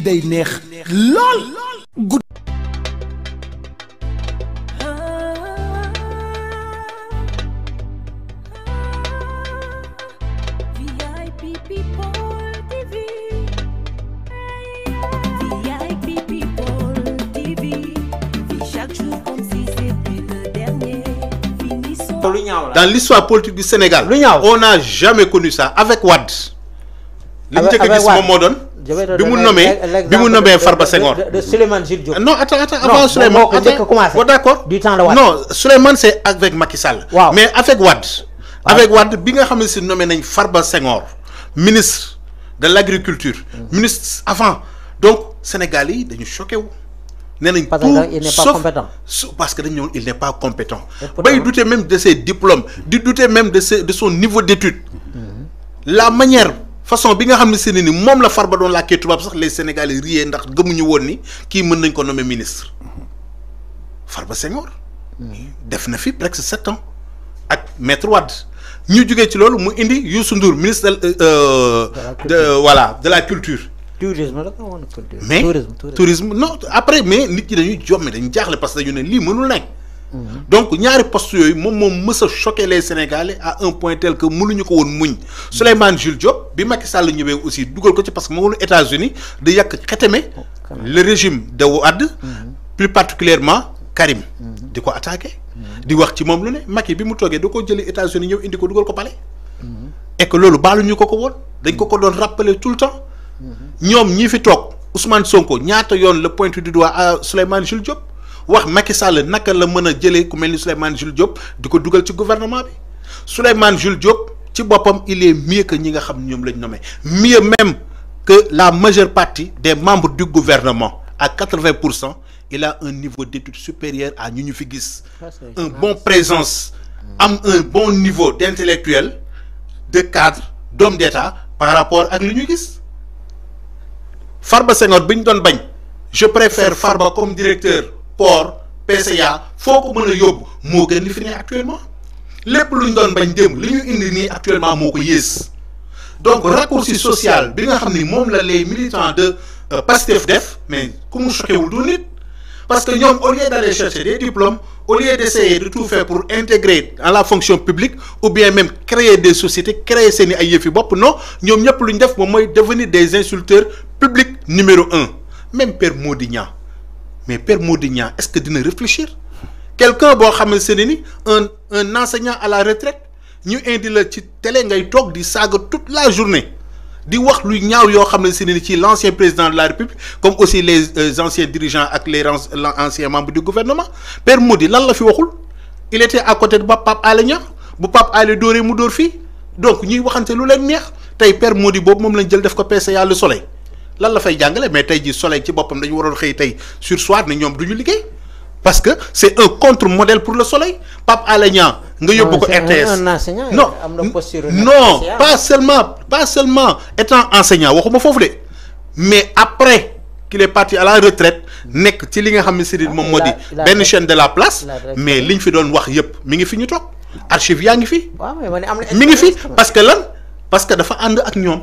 Dans l'histoire politique du Sénégal, on n'a jamais connu ça. Avec Wad, bi mu nommé bi Farba Senghor. de non attends attends avant Souleymane non oh, d'accord du temps non Souleymane c'est avec Makisal. mais avec wad avec wad bi nga xamné ci nommé nañ Farba Senghor ministre de l'agriculture. Hmm. ministre avant donc Sénégalais, dañu choqué parce il n'est pas compétent parce que dañu n'est pas compétent. il douter même de ses diplômes il douter même de de son niveau d'études. Hmm. la manière façon bi nga xam séni se ne ni moom la Farba doon làkkee tubaab sax les sénégalais rié ndax gëmuñu woon ni ki mën nañ ko nommer ministre Farba Senghor def na fi presque 7 ans ak maître Wade ñu jugee ci loolu mu indi Youssou Ndour ministre euh de voilà de la culture tourisme la mais tourisme non après mais nit ñi dañuy jomme dañu jaxlé parce que dañu né li mënul nekk donc ñaari poste yoy mom mom a les sénégalais à un point tel que mënuñu ko won muñ Souleymane Jules Diop bi Macky Sall aussi parce que États-Unis de oh, le régime de Wade mhm. plus particulièrement Karim mhm. de attaquer attaqué mhm. di wax ci mom lu ne Macky bi mu dako États-Unis ñëw indi ko duggal ko et que ko ko won dañ ko ko tout le temps ñi fi Ousmane Sonko à Diop wax Macky Sall naka la mën a ku mel ni Souleymane Jules Diop diko ko ci gouvernement bi Souleymane Jules Diop ci il est mieux que ñi nga xam lañ nommé mieux même que la majeure partie des membres du gouvernement à 80 il a un niveau d'études supérieur à ñu ñu fi gis un bon présence am un bon niveau d'intellectuel de cadre d'homme d'État par rapport à li gis Farba Senghor je préfère Farba comme directeur port PCA faut que mën yob, yóbbu moo gën li fi actuellement Les lu doon bañ démb li indi actuellement moo yes. donc raccourci social bi nga xam ni la les militants de euh, Pastef def mais comment mu choqué wul parce que nous au lieu d'aller chercher des diplômes au lieu d'essayer de tout faire pour intégrer à la fonction publique ou bien même créer des sociétés créer ces ay yëfi Yéfi, non Nous ñëpp lu def devenir des insulteurs publics numéro un même Père Maudignan mais Père Mody est-ce que ne réfléchir quelqu'un boo ne un un enseignant à la retraite nous indi la ci télé ngay toog toute la journée di wax luy ñaaw yoo xam l'ancien président de la République comme aussi les euh, anciens dirigeants et les anciens membres du gouvernement Père Mody lan la fi waxul il était à côté de ba Alenia, papa Alenia bu Pape Alé dóoree mu donc ñuy waxante lu leen neex Père Maudit, il moom lañ jël def ko Le Soleil lan la fay jangale mais tay ji soleil ci bopam dañu waroon xey tay sur soir ne ñoom du parce que c'est un contre-modèle pour le soleil pap Alé nga yóbbu ko RTS non non pas seulement pas seulement étant enseignant waxuma fofu mais après qu'il est parti à la retraite nek ci li nga xamni ne mom modi ben chaîne de la place mais liñ fi doon wax yépp mi ngi fi ñu tok archive fi mi ngi fi parce que lan parce que dafa and ak ñom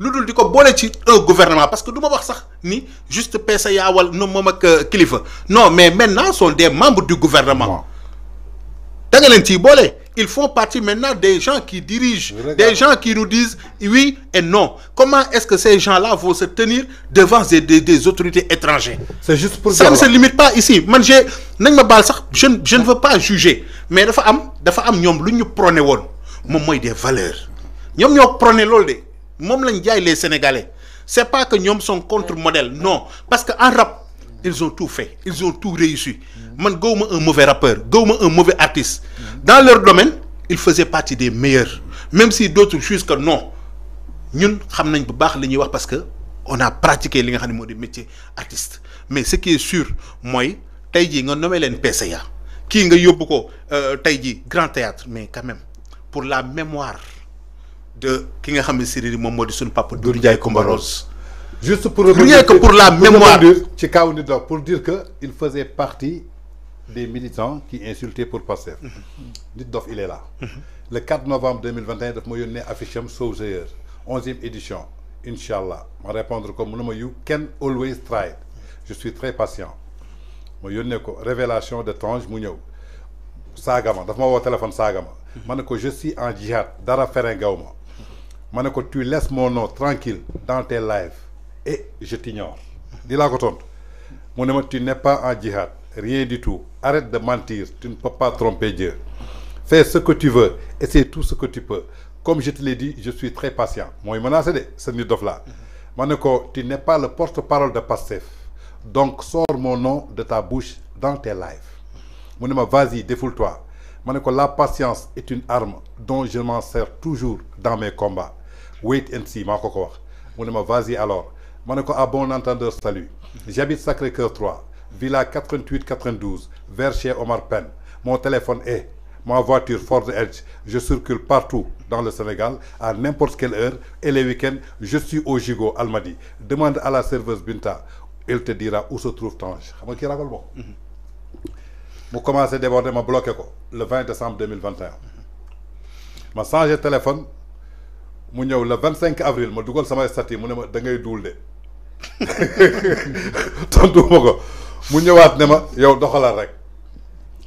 Nous nous disons un gouvernement parce que nous wax sax ni juste PCA yawal mom ak euh, non mais maintenant sont des membres du gouvernement. ils font partie maintenant des gens qui dirigent, des gens qui nous disent oui et non. Comment est-ce que ces gens-là vont se tenir devant des, autorités étrangères C'est juste pour ça. ne se limite pas ici. Man, je, ne veux pas juger, mais il y a des gens qui prenons des valeurs moom les sénégalais C'est pas que nous sont contre modèle non parce que rap ils ont tout fait ils ont tout réussi mm. man gawma un mauvais rappeur gawma un mauvais artiste mm. dans leur domaine ils faisaient partie des meilleurs même si d'autres jugent que non Nous, xam nañ bu baax parce que on a pratiqué les nga métier artiste mais ce qui est sûr C'est que nous sommes nommé PCA Qui nga euh, grand théâtre mais quand même pour la mémoire de ki nga xam ne mom modi sun papa Dour Ndiaye Coumba Rose. juste pour rien que pour la mémoire ci kaw nit dox pour dire que il faisait partie des militants qui insultaient pour passer dit mhm. dof il est là mhm. le 4 novembre 2021 daf ma yónnee affiche sauveur 11e édition incha ma répondre comme mu you can always try je suis très patient ma yónnee ko révélation de Tange mu ñëw sagama daf ma wo téléphone sagama mhm. ma ko je suis en jihad dara féré ma Maneko, tu laisses mon nom tranquille dans tes lives et je t'ignore Dis la tu n'es pas en djihad rien du tout arrête de mentir tu ne peux pas tromper Dieu fais ce que tu veux et c'est tout ce que tu peux comme je te l'ai dit je suis très patient moi tu n'es pas le porte-parole de Passef donc sors mon nom de ta bouche dans tes lives Monema, vas-y défoule-toi Maneko la patience est une arme dont je m'en sers toujours dans mes combats wait and see Monaco ko ko wax mu ne vas-y alors ma ko à ah bon entendeur salut j'habite Sacré-Cœur 3 villa 88 92 vers chez Omar Pen mon téléphone est ma voiture Ford Edge je circule partout dans le Sénégal à n'importe quelle heure et les week-ends je suis au Jigo Almadi demande à la serveuse Binta elle te dira où se trouve ton xam nga ki ragal mhm. déborder ma bloqué le 20 décembre 2021 ma changé téléphone mu ñëw le 25 avril ma dugal sama statut mu ne ma da ngay duul de tontuwuma ko mu ñëwaat ne ma yow doxalal rek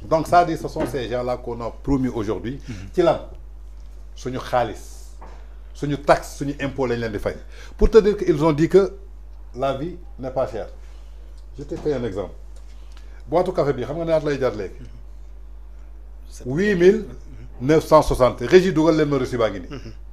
donc ça dit ce sont ces gens là qu'on a promis aujourd'hui mhm. ci lan suñu xaalis suñu taxe suñu impôt lañ leen di fay pour te dire qu'ils ont dit que la vie n'est pas chère je te fais un exemple boitu café bi xam nga ñaata lay jar léegi mhm. huit mille neuf cent soixante régie dugal leen ma reçu baa ngi mhm.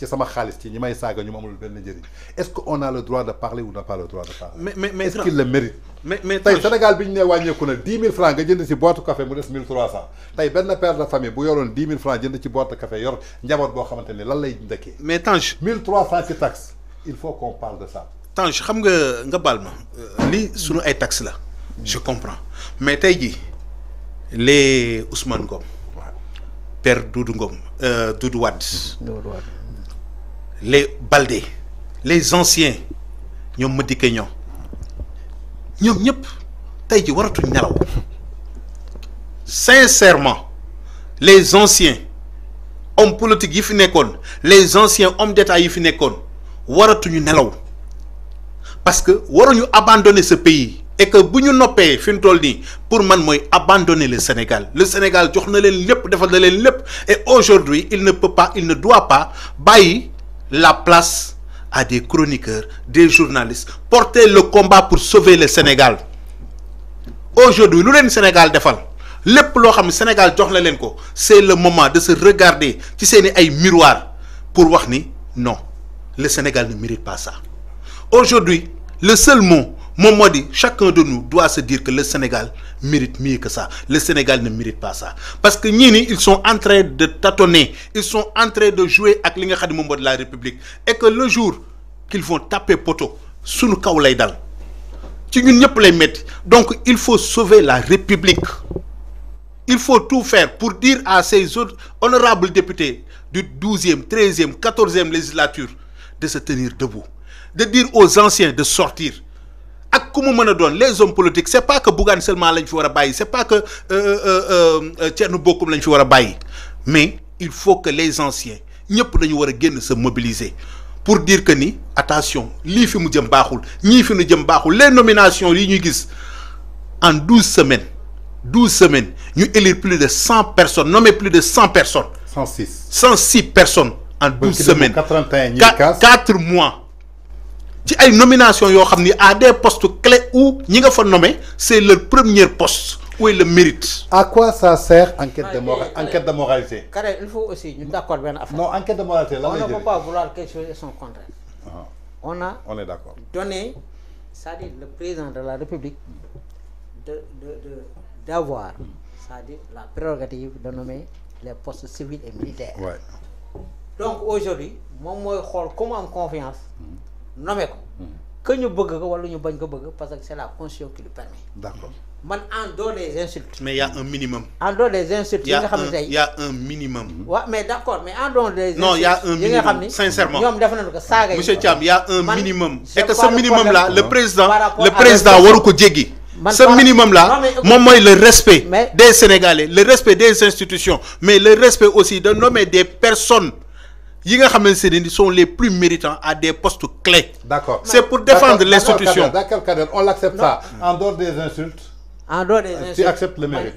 est-ce qu'on a le droit de parler ou n'a pas le droit de parler mais est-ce qu'il le mérite mais mais tay sénégal 10 000 francs ga jënd ci botu café mu dess 1300 tay ben père de famille bu yorone 10000 francs jënd ci botu café yor njabot bo xamanteni lan lay dëkke mais 1300 c'est taxe il faut qu'on parle de ça je comprends mais tay ji les ousmane ko père doudou ngom euh, les baldés... les anciens ñom nous nous, ñëpp tay ji sincèrement les anciens hommes politiques les anciens hommes d'État yi fi waratuñu nelaw parce que waruñu abandonner ce pays et que bu noppé fiñ pour man abandonner le Sénégal le Sénégal jox leen et aujourd'hui il ne peut pas il ne doit pas la place à des chroniqueurs, des journalistes. Porter le combat pour sauver le Sénégal. Aujourd'hui, le Sénégal défend. le Sénégal c'est le moment de se regarder ci seeni ay miroir pour voir non le Sénégal ne mérite pas ça aujourd'hui le seul mot chacun de nous doit se dire que le Sénégal mérite mieux que ça le Sénégal ne mérite pas ça parce que ils sont en train de tâtonner ils sont en train de jouer avec li nga de la République et que le jour qu'ils vont taper poteau sous le lay dal ci ñun les donc il faut sauver la République il faut tout faire pour dire à ces autres honorables députés du 12e 13e 14e législature de se tenir debout de dire aux anciens de sortir les hommes politiques, ce n'est pas que Bougane seulement l'a fait, ce n'est pas que euh, euh, euh, Tchernou Bokoum l'a fait. Mais il faut que les anciens, nous devons se mobiliser pour dire que, attention, ce qui nous dit, ce qui nous les nominations, ce qui nous en 12 semaines, 12 semaines, nous élire plus de 100 personnes, nommer plus de 100 personnes, 106, 106 personnes en 12 semaines, 4 mois ci ay nomination yo xamni a à des postes clés où ñi nga fa nommé c'est leur premier poste où est le mérite. à quoi ça sert enquête de moralité ah, enquête de moralité. il faut aussi ñu d'accord ben affaire. non enquête de moralité là on ne peut pas vouloir quelque chose et son contraire. Ah. on a. donné c'est-à-dire le président de la République d'avoir cest à la prérogative de nommer les postes civils et militaires. donc aujourd'hui moi je xool comment confiance. Hmm nommé mais hmm. que nous bëgg pouvons wala ñu bañ parce que c'est la conscience qui le permet d'accord man en dehors les insultes mais y a un minimum en dehors les insultes yi nga y a un minimum hmm. Ouais. mais d'accord mais en dehors des non y a un minimum sincèrement Monsieur Tiam, il y a un minimum et que ce minimum là le président le président waru ko ce minimum là moom le respect des Sénégalais le respect des institutions mais le respect aussi de nommer des personnes ils sont les plus méritants à des postes clés. d'accord c'est pour défendre l'institution. d'accord Kader on l'accepte pas. en dehors des insultes. en dehors des insultes tu acceptes le mérite.